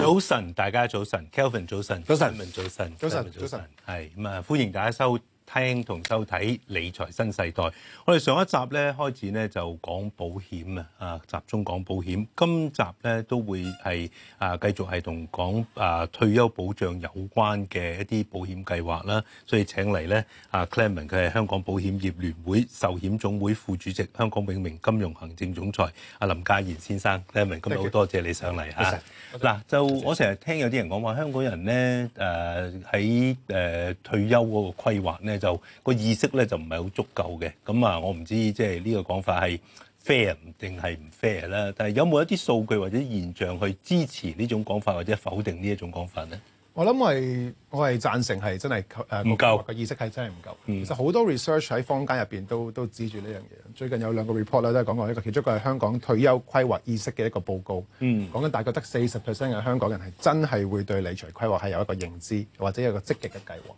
早晨，大家早晨，Kelvin 早晨，早晨，早晨，早晨，早晨，早晨，係咁啊！歡迎大家收看。聽同收睇理財新世代，我哋上一集咧開始咧就講保險啊，啊集中講保險，今集咧都會係啊繼續係同講啊退休保障有關嘅一啲保險計劃啦，所以請嚟咧啊 Clement 佢係香港保險業聯會壽險總會副主席、香港永明金融行政總裁阿林嘉言先生，Clement，今日好多謝你上嚟嚇。嗱，就 Thank you. 我成日聽有啲人講話，香港人咧誒喺誒退休嗰個規劃咧。就、那個意識咧就唔係好足夠嘅，咁、嗯、啊，我唔知即係呢個講法係 fair 定係唔 fair 啦。但係有冇一啲數據或者現象去支持呢種講法，或者否定呢一種講法咧？我諗係我係贊成係真係誒，唔夠嘅意識係真係唔夠。嗯、其實好多 research 喺坊間入邊都都指住呢樣嘢。最近有兩個 report 咧都講過一個，其中一個係香港退休規劃意識嘅一個報告。嗯，講緊大概得四十 percent 嘅香港人係真係會對理財規劃係有一個認知，或者有一個積極嘅計劃。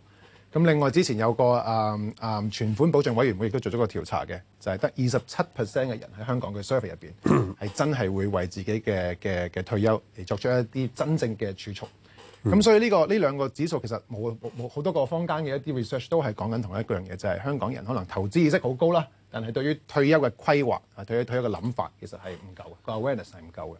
咁另外之前有個誒誒存款保障委員會亦都做咗個調查嘅，就係得二十七 percent 嘅人喺香港嘅 survey 入邊係真係會為自己嘅嘅嘅退休而作出一啲真正嘅儲蓄。咁 所以呢、呢個呢兩個指數其實冇冇好多個坊間嘅一啲 research 都係講緊同一個樣嘢，就係、係、香港人可能投資意識好高啦，但係對於退休嘅規劃啊，對於退休嘅諗法其實係唔夠嘅，個 awareness 係唔夠嘅。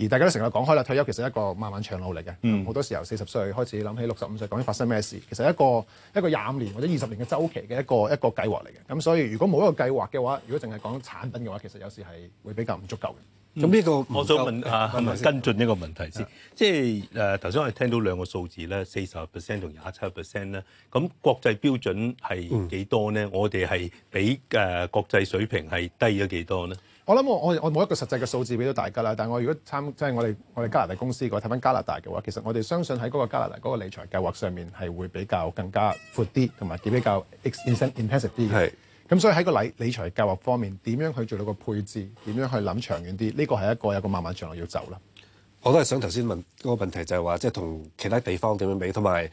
而大家都成日講開啦，退休其實一個漫漫長路嚟嘅。好多時候四十歲開始諗起，六十五歲講緊發生咩事，其實一個一個廿五年或者二十年嘅週期嘅一個一個計劃嚟嘅。咁所以如果冇一個計劃嘅話，如果淨係講產品嘅話，其實有時係會比較唔足夠嘅。咁呢個我想問下跟進一個問題先，即係誒頭先我哋聽到兩個數字咧，四十 percent 同廿七 percent 咧。咁國際標準係幾多咧？我哋係比誒國際水平係低咗幾多咧？我諗我我冇一個實際嘅數字俾到大家啦，但係我如果參即係我哋我哋加拿大公司個睇返加拿大嘅話，其實我哋相信喺嗰個加拿大嗰個理財計劃上面係會比較更加闊啲，同埋亦比較 extensive 啲。係。咁是、嗯、所以喺個理理財計劃方面，點樣去做到個配置？點樣去諗長遠啲？呢個係一個有一個漫漫長路要走啦。我都係想頭先問嗰個問題就，就係話即係同其他地方點樣比，同埋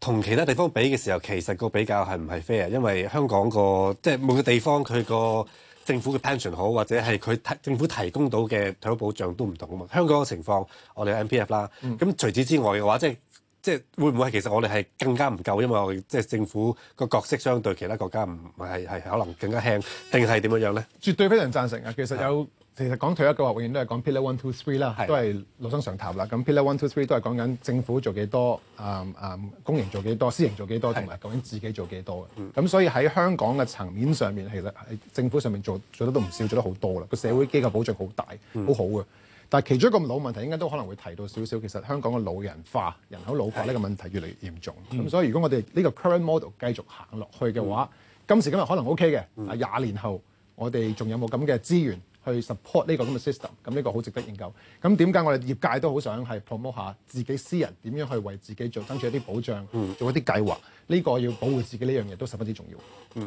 同其他地方比嘅時候，其實個比較係唔係 fair？因為香港個即係每個地方佢個。政府嘅 pension 好，或者係佢提政府提供到嘅退休保障都唔同啊嘛。香港嘅情況，我哋 M P F 啦、嗯。咁除此之外嘅話，即係即係會唔會其實我哋係更加唔夠，因為我即係政府個角色相對其他國家唔係，係可能更加輕定係點樣樣咧？絕對非常贊成啊！其實有。其實講退休嘅話，永遠都係講 pillar one two three 啦，的都係老生常談啦。咁 pillar one two three 都係講緊政府做幾多，啊啊公營做幾多，私營做幾多，同埋的究竟自己做幾多嘅。咁、嗯、所以喺香港嘅層面上面，其實喺政府上面做做得都唔少，做得好多啦。個社會機構保障好大，嗯、好好、啊、嘅。但係其中一個老問題，應該都可能會提到少少。其實香港嘅老人化、人口老化呢個問題越嚟越嚴重。咁、嗯、所以如果我哋呢個 current model 繼續行落去嘅話，嗯、今時今日可能 OK 嘅，啊廿、嗯、年後我哋仲有冇咁嘅資源？去 support 呢個咁嘅 system，咁呢個好值得研究。咁點解我哋業界都好想係 promote 下自己私人點樣去為自己做爭取一啲保障，做一啲計劃？呢、這個要保護自己呢樣嘢都十分之重要。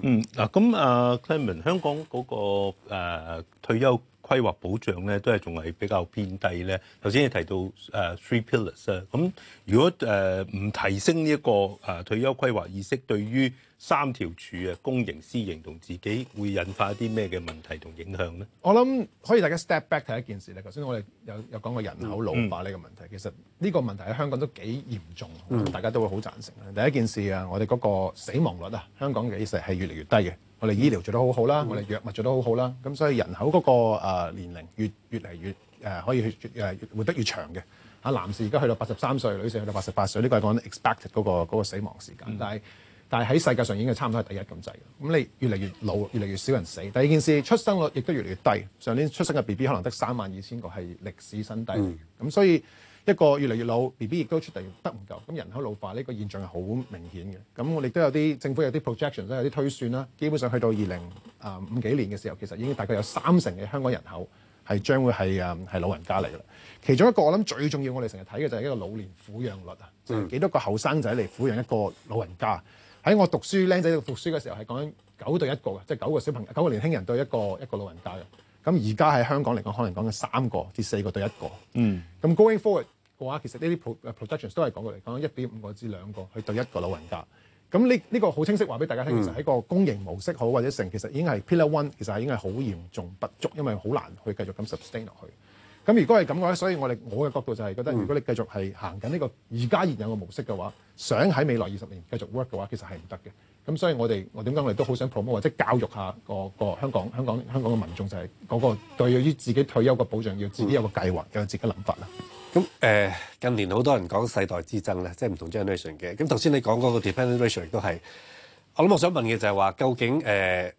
嗯，嗱咁啊 Clement 香港嗰、那個、uh, 退休規劃保障咧，都係仲係比較偏低咧。頭先你提到誒 three、uh, pillars 啊，咁如果誒唔、uh, 提升呢、這、一個誒、uh, 退休規劃意識，對於三條柱啊，公營、私營同自己會引發一啲咩嘅問題同影響咧？我諗可以大家 step back 睇一件事咧。頭先我哋有有講過個人口老化呢個問題，嗯、其實呢個問題喺香港都幾嚴重，嗯、大家都會好贊成，第一件事啊，我哋嗰個死亡率啊，香港其實係越嚟越低嘅。我哋醫療做得好好啦，我哋藥物做得好好啦，咁、嗯、所以人口嗰個年齡越越嚟越誒、呃、可以誒活得越長嘅。啊，男士而家去到八十三歲，女士去到八十八歲，呢個係講 expected 嗰個死亡時間，但係。但係喺世界上已經係差唔多係第一咁滯嘅。咁你越嚟越老，越嚟越少人死。第二件事，出生率亦都越嚟越低。上年出生嘅 B B 可能得三萬二千個係歷史新低。咁、嗯、所以一個越嚟越老，B B 亦都出得得唔夠。咁人口老化呢個現象係好明顯嘅。咁我哋都有啲政府有啲 projection 啦，有啲推算啦。基本上去到二零啊五幾年嘅時候，其實已經大概有三成嘅香港人口係將會係啊老人家嚟啦。其中一個我諗最重要，我哋成日睇嘅就係一個老年撫養率啊，幾、嗯、多個後生仔嚟撫養一個老人家。喺我讀書僆仔讀書嘅時候係講九對一個嘅，即係九個小朋友、九個年輕人對一個一個老人家嘅。咁而家喺香港嚟講，可能講緊三個至四個對一個。嗯。咁 going forward 嘅話，其實呢啲 production 都係講過嚟講一點五個至兩個去對一個老人家。咁呢呢個好清晰話俾大家聽，嗯、其實喺個公營模式好或者成，其實已經係 Pillar One，其實係已經係好嚴重不足，因為好難去繼續咁 sustain 落去。咁如果係咁嘅話，所以我哋我嘅角度就係覺得，如果你繼續係行緊呢個而家現有嘅模式嘅話，想喺未來二十年繼續 work 嘅話，其實係唔得嘅。咁所以我，我哋我點解我哋都好想 promote，即係教育下個個香港香港香港嘅民眾，就係嗰個對於自己退休嘅保障，要自己有個計劃，嗯、有自己諗法啦。咁誒、呃，近年好多人講世代之爭咧，即係唔同 generation 嘅。咁頭先你講嗰個 dependent generation 都係。我諗我想問嘅就係話，究竟誒、呃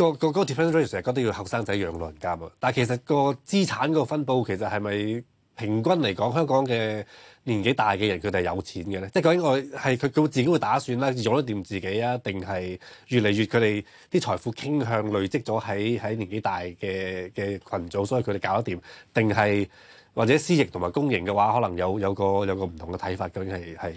個個個 dependency 成日覺得要後生仔養老人家嘛，但係其實個資產個分佈其實係咪平均嚟講，香港嘅年紀大嘅人佢哋係有錢嘅咧？即係究竟我係佢佢自己會打算啦，用得掂自己啊，定係越嚟越佢哋啲財富傾向累積咗喺喺年紀大嘅嘅群組，所以佢哋搞得掂？定係或者私營同埋公營嘅話，可能有有個有個唔同嘅睇法，究竟係係？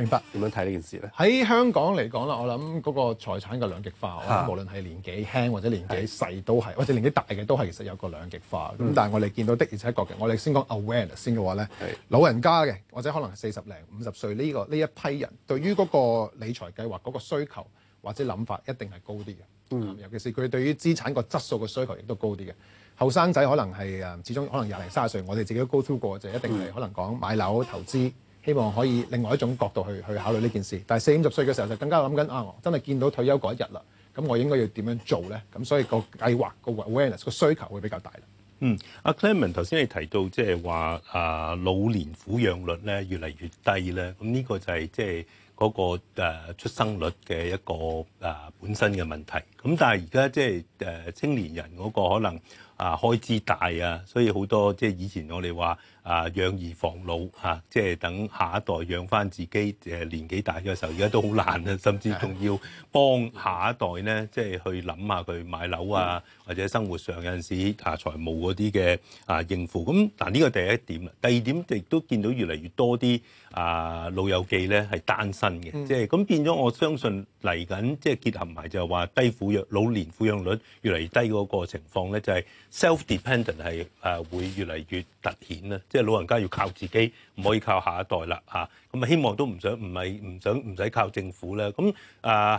明白點樣睇呢件事咧？喺香港嚟講啦，我諗嗰個財產嘅兩極化，無論係年紀輕或者年紀細都係，是或者年紀大嘅都係，其實有個兩極化。咁、嗯、但係我哋見到的而且確嘅，我哋先講 awareness 先嘅話咧，是老人家嘅或者可能係四十零五十歲呢、呢個呢一批人，對於嗰個理財計劃嗰個需求或者諗法一定係高啲嘅。嗯、尤其是佢對於資產個質素嘅需求亦都高啲嘅。後生仔可能係啊，始終可能廿零卅歲，我哋自己都 go through 過，就一定係、嗯、可能講買樓投資。希望可以另外一種角度去去考慮呢件事，但係四五十歲嘅時候就更加諗緊啊，我真係見到退休嗰一日啦，咁我應該要點樣做咧？咁所以個計劃、那個 awareness 個需求會比較大啦。嗯，阿、啊、Clement 頭先你提到即係話啊老年撫養率咧越嚟越低咧，咁呢個就係即係嗰個、啊、出生率嘅一個誒、啊、本身嘅問題。咁但係而家即係誒青年人嗰個可能。啊，開支大啊，所以好多即係以前我哋話啊，養兒防老嚇、啊，即係等下一代養翻自己誒、啊、年紀大嘅時候，而家都好難啊，甚至仲要幫下一代咧，即係去諗下佢買樓啊，或者生活上有陣時啊財務嗰啲嘅啊，啊應付。咁嗱呢個第一點啦，第二點亦都見到越嚟越多啲啊老友記咧係單身嘅，即係咁變咗我相信嚟緊即係結合埋就係話低撫養老年撫養率越嚟越低嗰個情況咧，就係、是。Self-dependent 係誒會越嚟越凸顯啦，即係老人家要靠自己，唔可以靠下一代啦嚇。咁啊希望都唔想，唔係唔想唔使靠政府咧。咁誒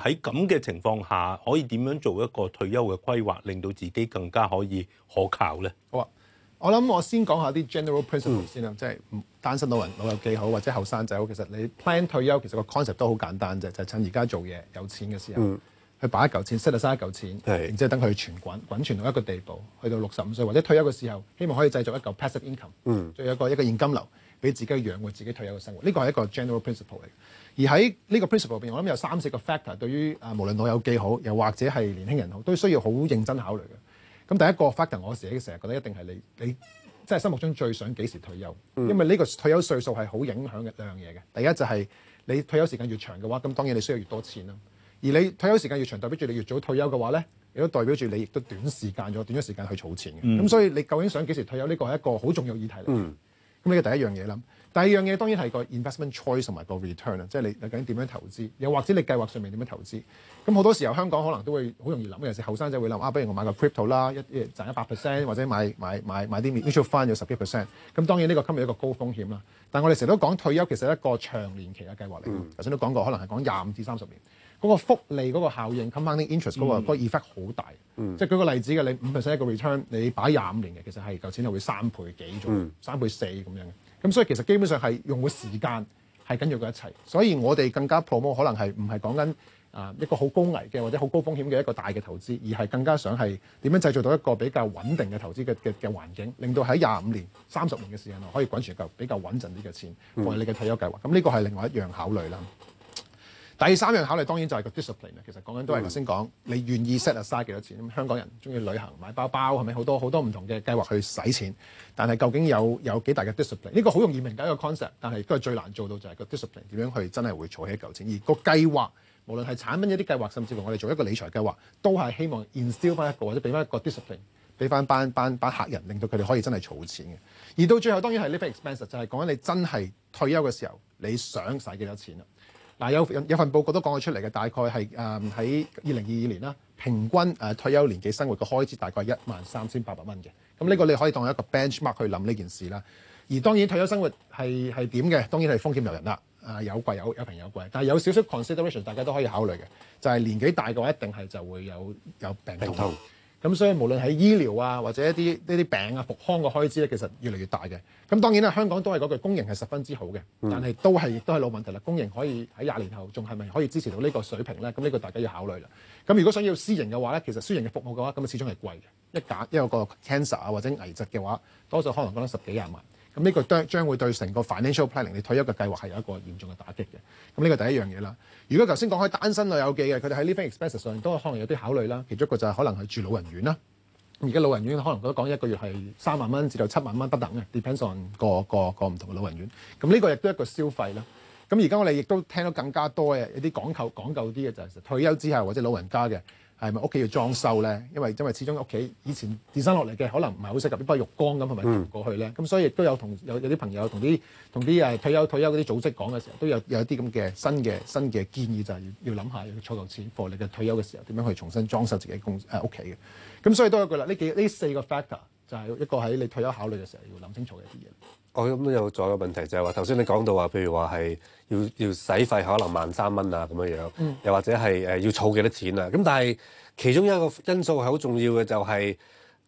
喺咁嘅情況下，可以點樣做一個退休嘅規劃，令到自己更加可以可靠咧？好啊，我諗我先講下啲 general principles 先啦，嗯、即係單身老人老友記好，或者後生仔好。其實你 plan 退休其實個 concept 都好簡單啫，就係趁而家做嘢有錢嘅時候。嗯去擺一嚿錢 set 到生一嚿錢，的然之後等佢全滾，滾存到一個地步，去到六十五歲或者退休嘅時候，希望可以製造一嚿 passive income，嗯，再有個一個現金流俾自己養活自己退休嘅生活，呢個係一個 general principle 嚟。而喺呢個 principle 入邊，我諗有三四個 factor 對於啊，無論老友記好，又或者係年輕人好，都需要好認真考慮嘅。咁第一個 factor，我自己成日覺得一定係你你即係心目中最想幾時退休，嗯、因為呢個退休歲數係好影響兩樣嘢嘅。第一就係、是、你退休時間越長嘅話，咁當然你需要越多錢啦。而你退休時間越長， 代表住你越早退休嘅話咧，亦都代表住你亦都短時間咗，短咗時間去儲錢嘅。咁、mm. 嗯、所以你究竟想幾時退休呢個係一個好重要議題嚟。咁呢個第一樣嘢諗，第二樣嘢當然係個 investment choice 同埋個 return 啊，即係你究竟點樣投資，又或者你計劃上面點樣投資。咁好多時候香港可能都會好容易諗嘅，有時後生仔會諗啊，不如我買個 crypto 啦，一賺一百 percent，或者買買買買啲 mutual fund 有十幾 percent。咁、嗯嗯、當然呢個今日一個高風險啦，但係我哋成日都講退休其實一個長年期嘅計劃嚟。頭先、mm. 都講過，可能係講廿五至三十年。嗰個福利嗰個效應 compounding interest 嗰個嗰個 effect 好大，嗯、即係舉個例子嘅，你五 percent 一個 return，你擺廿五年嘅，其實係嚿錢係會三倍幾咗，嗯、三倍四咁樣，咁所以其實基本上係用個時間係跟住佢一齊，所以我哋更加 promote 可能係唔係講緊啊一個好高危嘅或者好高風險嘅一個大嘅投資，而係更加想係點樣製造到一個比較穩定嘅投資嘅嘅環境，令到喺廿五年、三十年嘅時間內可以滾存嚿比較穩陣啲嘅錢，為、嗯、你嘅退休計劃。咁呢個係另外一樣考慮啦。第三樣考慮當然就係個 discipline 啊，其實講緊都係頭先講，你願意 set aside 幾多錢？咁香港人中意旅行、買包包，係咪好多好多唔同嘅計劃去使錢？但係究竟有有幾大嘅 discipline？呢個好容易明解一個 concept，但係都係最難做到就係個 discipline 點樣去真係會儲起一嚿錢。而個計劃無論係產品一啲計劃，甚至乎我哋做一個理財計劃，都係希望 instill 翻一個或者俾翻一個 discipline 俾翻班班班客人，令到佢哋可以真係儲錢嘅。而到最後當然係 living expense，就係講緊你真係退休嘅時候你想使幾多錢啦。嗱有有，有份報告都講咗出嚟嘅，大概係誒喺二零二二年啦，平均誒、呃、退休年紀生活嘅開支大概係一萬三千八百蚊嘅。咁呢個你可以當一個 benchmark 去諗呢件事啦。而當然退休生活係係點嘅？當然係豐儉由人啦。誒、呃、有貴有有平有貴，但係有少少 consideration，大家都可以考慮嘅，就係、是、年紀大嘅話一定係就會有有病痛。病痛咁所以無論喺醫療啊，或者一啲呢啲病啊、復康嘅開支咧，其實越嚟越大嘅。咁當然啦，香港都係嗰句公營係十分之好嘅，但係都係都係老問題啦。公營可以喺廿年後仲係咪可以支持到呢個水平咧？咁呢個大家要考慮啦。咁如果想要私營嘅話咧，其實私營嘅服務嘅話，咁啊始終係貴嘅。一價因為個 cancer 啊或者危疾嘅話，多數可能講得十幾廿萬。咁呢個將將會對成個 financial planning 你退休嘅計劃係有一個嚴重嘅打擊嘅。咁呢個第一樣嘢啦。如果頭先講開單身老友記嘅，佢哋喺 living expenses 上都可能有啲考慮啦。其中一個就係可能係住老人院啦。而家老人院可能覺得講一個月係三萬蚊至到七萬蚊不等嘅，depends on 個個個唔同嘅老人院。咁呢個亦都係一個消費啦。咁而家我哋亦都聽到更加多嘅一啲講究講究啲嘅就係退休之後或者老人家嘅。係咪屋企要裝修咧？因為因為始終屋企以前自翻落嚟嘅，可能唔係好適合，包括浴缸咁係咪過去咧。咁、嗯、所以亦都有同有有啲朋友同啲同啲誒退休退休嗰啲組織講嘅時候，都有有一啲咁嘅新嘅新嘅建議就，就係要諗下要儲夠錢，富你嘅退休嘅時候點樣去重新裝修自己公誒屋企嘅。咁、呃、所以都有句啦，呢幾呢四個 factor 就係一個喺你退休考慮嘅時候要諗清楚嘅一啲嘢。我咁都有咗個問題就係話，頭先你講到話，譬如話係要要使費可能萬三蚊啊咁樣樣，嗯、又或者係誒要儲幾多錢啊？咁但係其中一個因素係好重要嘅、就係，就係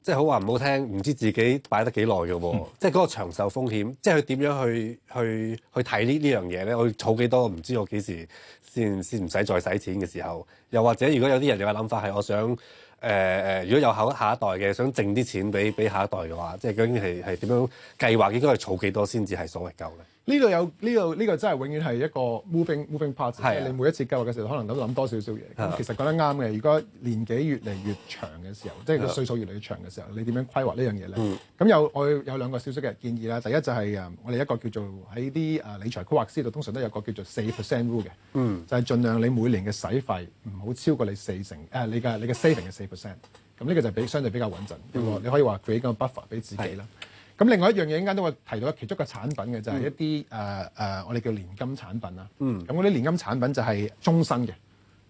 即係好話唔好聽，唔知自己擺得幾耐嘅喎，即係嗰個長壽風險，即係佢點樣去去去睇呢呢樣嘢咧？我儲幾多唔知我幾時先先唔使再使錢嘅時候，又或者如果有啲人嘅諗法係我想。誒誒、呃，如果有下下一代嘅想剩啲錢俾俾下一代嘅話，即係究竟係係點樣計劃？應該係儲幾多先至係所謂夠嘅？呢度有呢度呢個真係永遠係一個 moving moving part，即係、啊、你每一次計劃嘅時候，可能都諗多少少嘢。咁、啊、其實講得啱嘅，如果年紀越嚟越長嘅時候，啊、即係個歲數越嚟越長嘅時候，你點樣規劃呢樣嘢咧？咁、嗯、有我有兩個小小嘅建議啦。第一就係誒，我哋一個叫做喺啲誒理財規劃師度，通常都有個叫做四 percent rule 嘅，嗯、就係儘量你每年嘅使費唔好超過你四成誒、呃，你嘅你嘅 saving 嘅四 percent。咁呢個就比相對比較穩陣一個，嗯、你可以話俾個 buffer 俾自己啦。是咁另外一樣嘢，一陣都會提到，其中一個產品嘅就係一啲誒誒，我哋叫年金產品啦。嗯。咁嗰啲年金產品就係終身嘅，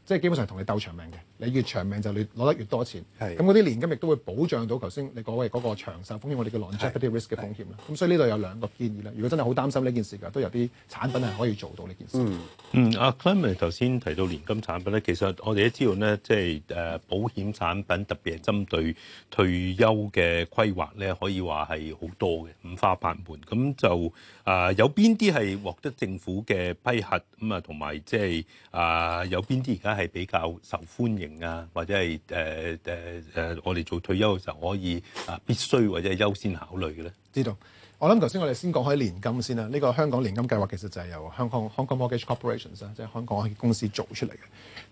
即係基本上同你鬥長命嘅。你越長命就你攞得越多錢，咁嗰啲年金亦都會保障到頭先你講位嗰、嗰個長壽風險，我哋嘅 longevity risk 嘅風險啦。咁的所以呢度有兩個建議啦。如果真係好擔心呢件事嘅，都有啲產品係可以做到呢件事。嗯，阿 Clement 頭先提到年金產品咧，其實我哋都知道咧，即係誒保險產品特別係針對退休嘅規劃咧，可以話係好多嘅五花八門。咁就啊、呃、有邊啲係獲得政府嘅批核咁啊，同埋即係啊有邊啲而家係比較受歡迎？啊，或者係誒誒誒，我哋做退休嘅時候可以啊、呃，必須或者係優先考慮嘅咧。知道我諗頭先，我哋先講開年金先啦。呢、這個香港年金計劃其實就係由香港 Hong Kong Mortgage Corporations 啦、啊，即係香港公司做出嚟嘅，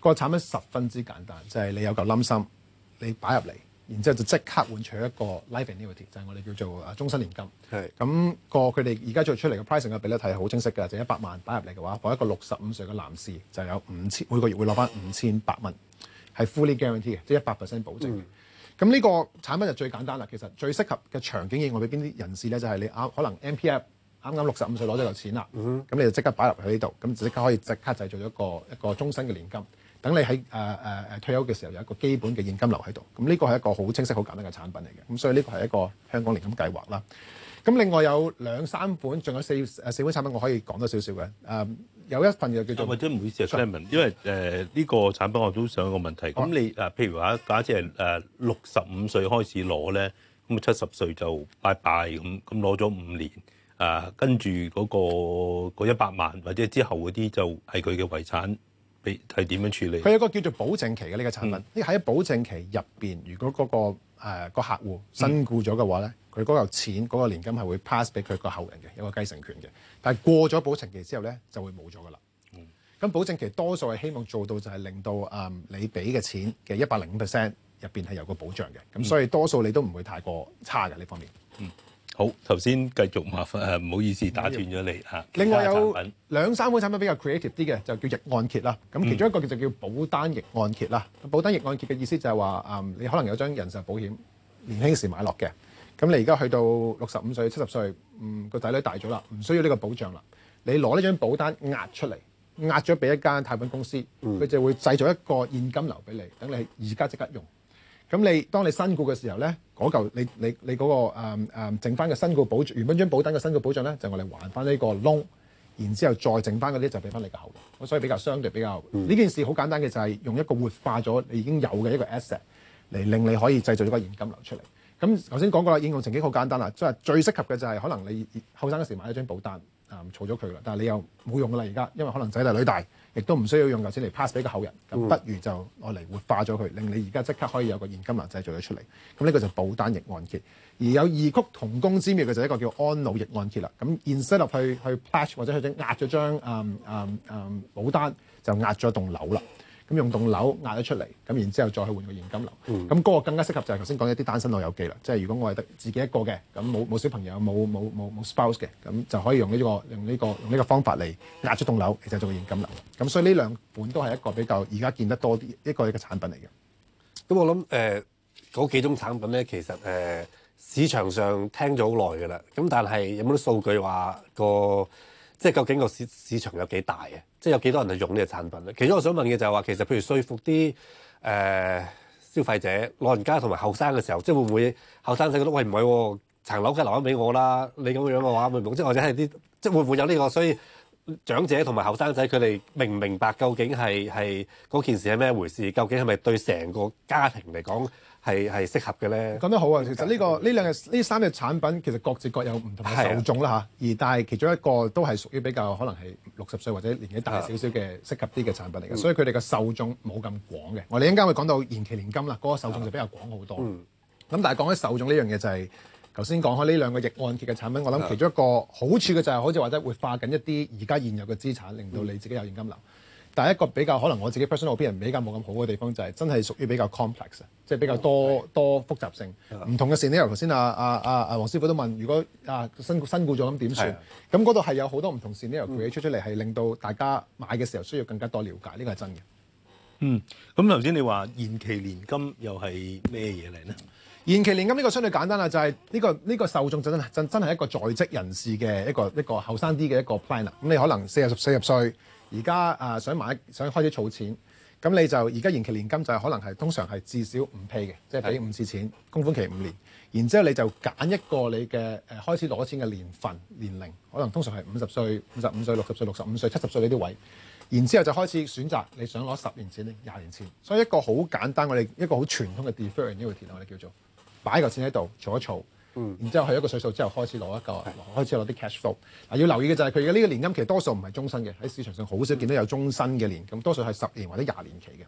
這個產品十分之簡單，就係、是、你有嚿冧心，你擺入嚟，然之後就即刻換取一個 Life Annuity，就係我哋叫做啊終身年金。係咁是個佢哋而家做出嚟嘅 pricing 嘅比率睇好清晰㗎，就是、一百萬擺入嚟嘅話，我一個六十五歲嘅男士就有五千，每個月會攞翻五千八百蚊。係 fully guarantee 嘅，即係一百 percent 保證嘅。咁呢、嗯、個產品就最簡單啦。其實最適合嘅場景，應外俾邊啲人士咧？就係、是、你啱可能 MPF 啱啱六十五歲攞咗嚿錢啦，咁、嗯、你就即刻擺入去呢度，咁即刻可以即刻製造咗一個一個終身嘅年金。等你喺誒誒誒退休嘅時候，有一個基本嘅現金流喺度。咁呢個係一個好清晰、好簡單嘅產品嚟嘅。咁所以呢個係一個香港年金計劃啦。咁另外有兩三款，仲有四、呃、四款產品，我可以講多少少嘅。誒、呃。有一份又叫做，或者唔好意思 Simon 因為誒呢、呃呢個產品我都想有一個問題，咁你誒、呃、譬如話假設係誒六十五歲開始攞咧，咁啊七十歲就拜拜咁，咁攞咗五年，啊跟住嗰個一百萬或者之後嗰啲就係佢嘅遺產。係點樣處理？佢有個叫做保證期嘅呢、這個產品，喺、嗯、保證期入邊，如果嗰、那個誒、呃、客戶身故咗嘅話咧，佢嗰個錢嗰、那個年金係會 pass 俾佢個後人嘅，有個繼承權嘅。但係過咗保證期之後咧，就會冇咗噶啦。咁、嗯、保證期多數係希望做到就係令到誒、嗯、你俾嘅錢嘅一百零五 percent 入邊係有個保障嘅。咁所以多數你都唔會太過差嘅呢、嗯、方面。嗯。好，頭先繼續麻煩誒，呃、唔好意思打斷咗你嚇。啊、另外有兩三款產品比較 creative 啲嘅，就叫逆按揭啦。咁其中一個就叫保單逆按揭啦。嗯、保單逆按揭嘅意思就係話，誒、嗯，你可能有張人壽保險年輕時買落嘅，咁你而家去到六十五歲、七十歲，嗯，個仔女大咗啦，唔需要呢個保障啦。你攞呢張保單押出嚟，押咗俾一間貸款公司，佢、嗯、就會製造一個現金流俾你，等你而家即刻用。咁你當你身故嘅時候咧？嗰你你你嗰、那個誒誒、呃、剩翻嘅身故保障，原本張保單嘅身故保障咧，就我哋還翻呢個窿，然之後再剩翻嗰啲就俾翻你個後。我所以比較相對比較呢、嗯、件事好簡單嘅就係用一個活化咗你已經有嘅一個 asset 嚟令你可以製造咗個現金流出嚟。咁頭先講過啦，應用情景好簡單啦，即係最適合嘅就係可能你後生嗰時買一張保單啊，儲咗佢啦，但係你又冇用啦而家，因為可能仔大女大。亦都唔需要用嚿錢嚟 pass 俾個後人，咁不如就攞嚟活化咗佢，令你而家即刻可以有個現金流製造咗出嚟。咁呢個就保單逆按揭，而有異曲同工之妙嘅就一個叫安老逆按揭啦。咁 instead 落去去 plash 或者去壓咗張啊啊啊保單，就壓咗棟樓啦。咁用棟樓壓咗出嚟，咁然之後再去換個現金流。咁嗰、嗯、個更加適合就係頭先講一啲單身老友記啦，即係如果我係得自己一個嘅，咁冇冇小朋友，冇冇冇冇 spouse 嘅，咁就可以用呢、這個用呢、這個用呢個方法嚟壓出棟樓，其實做個現金流。咁所以呢兩本都係一個比較而家見得多啲一,一個嘅產品嚟嘅。咁我諗誒嗰幾種產品咧，其實誒、呃、市場上聽咗好耐嘅啦。咁但係有冇啲數據話個？即係究竟個市市場有幾大嘅？即係有幾多人去用呢個產品咧？其中我想問嘅就係、是、話，其實譬如説服啲誒、呃、消費者、老人家同埋後生嘅時候，即係會唔會後生仔覺得喂，唔係，層樓嘅留翻俾我啦？你咁樣嘅話會唔會？即或者係啲即係會唔會有呢個？所以長者同埋後生仔佢哋明唔明白究竟係係嗰件事係咩回事？究竟係咪對成個家庭嚟講？係係適合嘅咧，講得好啊。其實呢、呢個呢兩個呢三隻產品其實各自各有唔同嘅受眾啦嚇，的而但係其中一個都係屬於比較可能係六十歲或者年紀大少少嘅適合啲嘅產品嚟嘅，嗯、所以佢哋嘅受眾冇咁廣嘅。我哋一陣間會講到延期年金啦，嗰、嗰個受眾就比較廣好多。咁、嗯、但係講起受眾呢樣嘢就係頭先講開呢兩個逆按揭嘅產品，我諗其中一個好處嘅就係、是、好似或者會化緊一啲而家現有嘅資產，令到你自己有現金流。嗯但一個比較可能我自己 personal opinion 比較冇咁好嘅地方就係、是、真係屬於比較 complex 即係比較多多複雜性。唔的同嘅 scenario，頭先啊啊啊啊，黃、啊啊、師傅都問：如果啊身身故咗咁點算？咁嗰度係有好多唔同 scenario 嘅嘢出出嚟，係、嗯、令到大家買嘅時候需要更加多了解。呢個係真嘅。嗯，咁頭先你話延期年金又係咩嘢嚟呢？延期年金呢個相對簡單啦，就係、是、呢、這個呢、這個受眾就真真係一個在職人士嘅一個一個後生啲嘅一個 plan、嗯。咁你可能四十四十歲，而家啊想買想開始儲錢，咁、嗯、你就而家延期年金就可能係通常係至少五 pay 嘅，即係俾五次錢，供款期五年，然之後你就揀一個你嘅誒、呃、開始攞錢嘅年份年齡，可能通常係五十歲、五十五歲、六十歲、六十五歲、七十歲呢啲位，然之後就開始選擇你想攞十年錢定廿年錢。所以一個好簡單，我哋一個好傳統嘅 deferred 呢條鐵我哋叫做。擺嚿錢喺度，儲一儲，然之後去一個歲數之後開始攞一嚿，開始攞啲 cash flow。嗱，要留意嘅就係佢嘅呢個年金其實多數唔係終身嘅，喺市場上好少見到有終身嘅年，咁多數係十年或者廿年期嘅。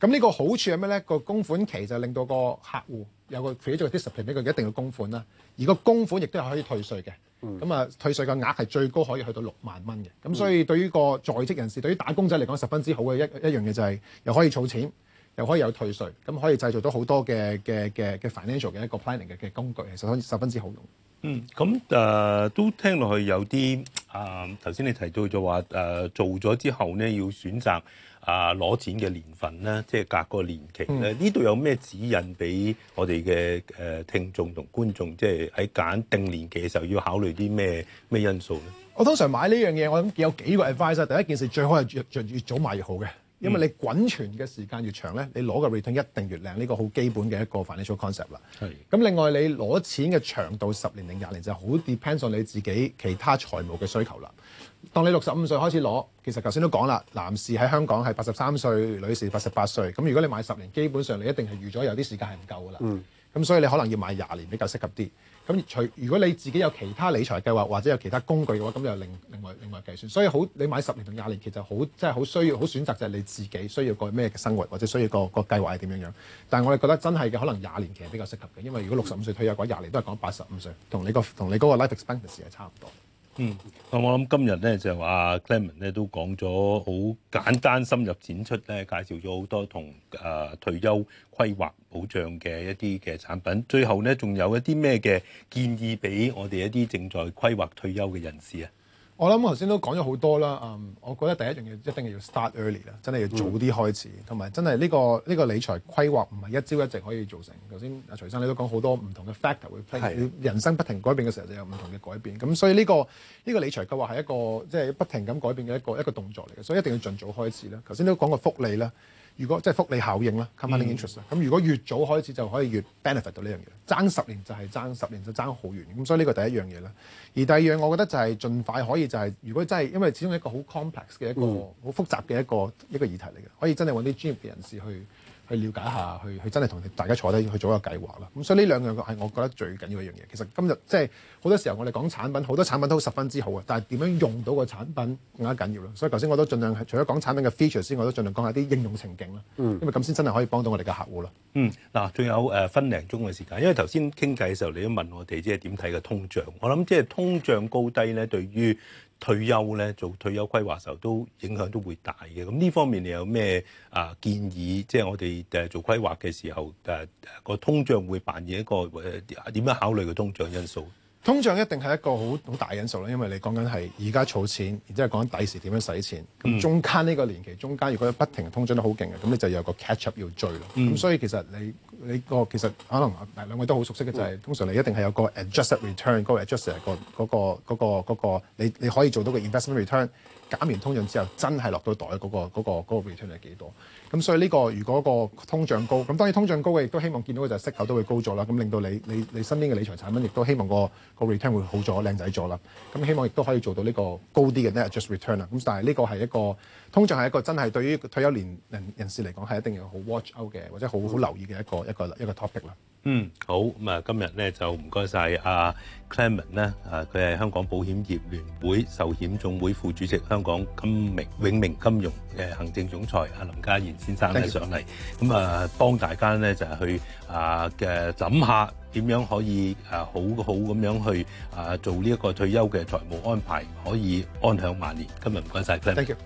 咁呢個好處係咩咧？個供款期就令到個客戶有個寫咗個 discipline 佢一定要供款啦。而個供款亦都係可以退稅嘅。咁啊、mm. 嗯，退稅嘅額係最高可以去到六萬蚊嘅。咁所以對於個在職人士，對於打工仔嚟講十分之好嘅一一,一樣嘢就係又可以儲錢。又可以有退稅，咁可以製造到好多嘅嘅嘅嘅 financial 嘅一個 planning 嘅嘅工具，其實十分十分之好用。嗯，咁誒、呃、都聽落去有啲誒頭先你提到就話誒做咗之後咧，要選擇啊攞錢嘅年份咧，即係隔個年期咧，呢度、嗯、有咩指引俾我哋嘅誒聽眾同觀眾，即係喺揀定年期嘅時候要考慮啲咩咩因素咧？我通常買呢樣嘢，我諗有幾個 advice、啊。第一件事，最好係越越越早買越好嘅。因為你滾存嘅時間越長咧，你攞嘅 return 一定越靚，呢個好基本嘅一個 financial concept 啦。係的。咁另外你攞錢嘅長度十年定廿年就好 depends on 你自己其他財務嘅需求啦。當你六十五歲開始攞，其實頭先都講啦，男士喺香港係八十三歲，女士八十八歲。咁如果你買十年，基本上你一定係預咗有啲時間係唔夠噶啦。嗯。咁所以你可能要買廿年比較適合啲。咁除如果你自己有其他理財計劃或者有其他工具嘅話，咁又另另外另外計算。所以好，你買十年同廿年其實好，即係好需要好選擇就係你自己需要個咩嘅生活或者需要個個計劃係點樣樣。但係我哋覺得真係嘅可能廿年其實比較適合嘅，因為如果六十五歲退休嘅話，廿年都係講八十五歲，同你個同你嗰個 life expectancy 係差唔多。嗯，咁我諗今日咧就阿 Clement 咧都講咗好簡單深入淺出咧介紹咗好多同誒、呃、退休規劃保障嘅一啲嘅產品，最後咧仲有一啲咩嘅建議俾我哋一啲正在規劃退休嘅人士啊？我諗我頭先都講咗好多啦，嗯，我覺得第一樣嘢一定要 start early 啦，真係要早啲開始，同埋、嗯、真係呢、呢個呢、呢個理財規劃唔係一朝一夕可以做成。頭先阿徐生你都講好多唔同嘅 factor 會 play，的人生不停改變嘅時候就有唔同嘅改變，咁所以呢、呢個呢、呢個理財規劃係一個即係、就是、不停咁改變嘅一個一個動作嚟嘅，所以一定要盡早開始啦。頭先都講過福利啦。如果即係福利效應啦 compounding interest 啦、嗯，咁如果越早開始就可以越 benefit 到呢樣嘢，爭十年就係爭十年就爭好遠，咁所以呢個第一樣嘢啦。而第二樣，我覺得就係盡快可以就係、是，如果真係因為始終一個好 complex 嘅一個好、嗯、複雜嘅一個一個議題嚟嘅，可以真係揾啲專業嘅人士去。去了解下去，去真係同大家坐低去做一個計劃啦。咁所以呢兩樣嘅係我覺得最緊要一樣嘢。其實今日即係好多時候我哋講產品，好多產品都十分之好啊，但係點樣用到個產品更加緊要咯。所以頭先我都盡量除咗講產品嘅 feature 先，我都盡量講下啲應用情景啦。嗯，因為咁先真係可以幫到我哋嘅客戶咯。嗯，嗱，仲有誒分零鐘嘅時間，因為頭先傾偈嘅時候，你都問我哋即係點睇嘅通脹，我諗即係通脹高低咧，對於。退休咧，做退休規劃時候，都影響都會大嘅，咁呢方面你有咩啊建議？即係我哋誒做規劃嘅時候誒個通脹會扮演一個誒點樣考慮個通脹因素？通脹一定係一個好好大因素啦，因為你講緊係而家儲錢，然之後講緊第時點樣使錢。咁中間呢個年期中間，如果不停通脹得好勁嘅，咁你就有個 catch up 要追咯。咁、嗯、所以其實你你個其實可能啊兩位都好熟悉嘅就係、是，通常你一定係有個 adjusted return，嗰個 adjusted 個、嗰個嗰、嗰個嗰、嗰個、嗰個、你你可以做到個 investment return。減完通脹之後，真係落到袋嗰個嗰個嗰個 return 係幾多？咁所以呢個如果個通脹高，咁當然通脹高嘅亦都希望見到嘅就係息口都會高咗啦。咁令到你你你身邊嘅理財產品亦都希望個個 return 會好咗、靚仔咗啦。咁希望亦都可以做到呢個高啲嘅 net just return 啦。咁但係呢個係一個通脹係一個真係對於退休年人人士嚟講係一定要好 watch out 嘅或者好好留意嘅一個一個一個 topic 啦。嗯，好。咁啊，今日咧就唔該晒。阿 Clement 咧，啊，佢係、啊、香港保險業聯會壽險總會副主席、香港金明永明金融嘅行政總裁阿林嘉言先生咧 Thank you. 上嚟，咁啊，幫大家咧就去啊嘅諗下點樣可以啊好好咁樣去啊做呢一個退休嘅財務安排，可以安享晚年。今日唔該晒，Clement。